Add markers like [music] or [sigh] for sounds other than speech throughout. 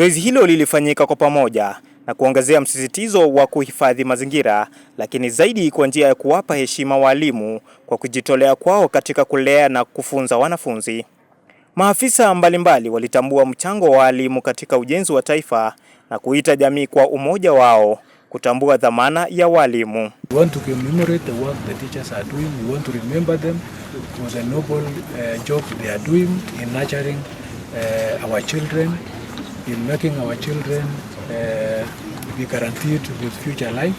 Zoezi hilo lilifanyika kwa pamoja na kuongezea msisitizo wa kuhifadhi mazingira, lakini zaidi kwa njia ya kuwapa heshima walimu kwa kujitolea kwao katika kulea na kufunza wanafunzi. Maafisa mbalimbali walitambua mchango wa walimu katika ujenzi wa taifa na kuita jamii kwa umoja wao kutambua dhamana ya walimu. We in making our children uh, be guaranteed with future life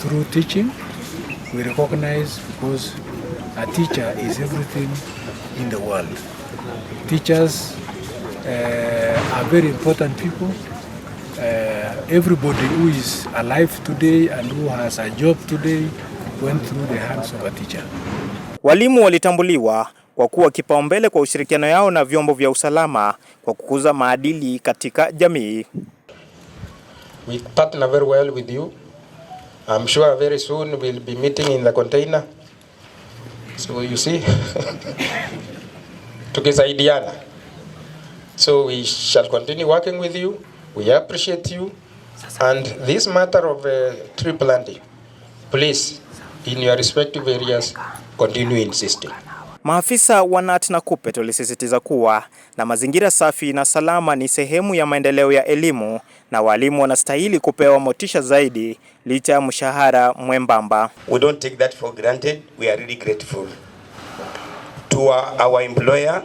through teaching. We recognize because a teacher is everything in the world. Teachers uh, are very important people. Uh, everybody who is alive today and who has a job today went through the hands of a teacher. Walimu walitambuliwa kwa kuwa kipaumbele kwa ushirikiano yao na vyombo vya usalama kwa kukuza maadili katika jamii. We partner very well with you. I'm sure very soon we'll be meeting in the container. So you see. [laughs] Tukisaidiana. So we shall continue working with you. We appreciate you. And this matter of uh, tree planting, please, in your respective areas, continue insisting. Maafisa wa Nat na Kupet walisisitiza kuwa na mazingira safi na salama ni sehemu ya maendeleo ya elimu na walimu wanastahili kupewa motisha zaidi licha ya mshahara mwembamba. We don't take that for granted. We are really grateful to our employer.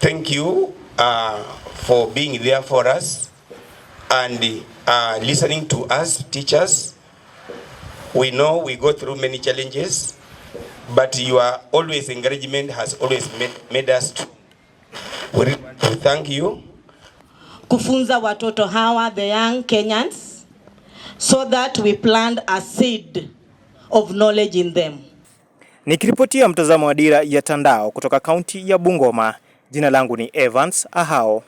Thank you uh, for being there for us and uh, listening to us teachers. We know we go through many challenges but your always encouragement has always made, made us to, we want to thank you kufunza watoto hawa the young Kenyans so that we plant a seed of knowledge in them. Nikiripotia mtazamo wa Dira ya Tandao kutoka kaunti ya Bungoma, jina langu ni Evans Ahao.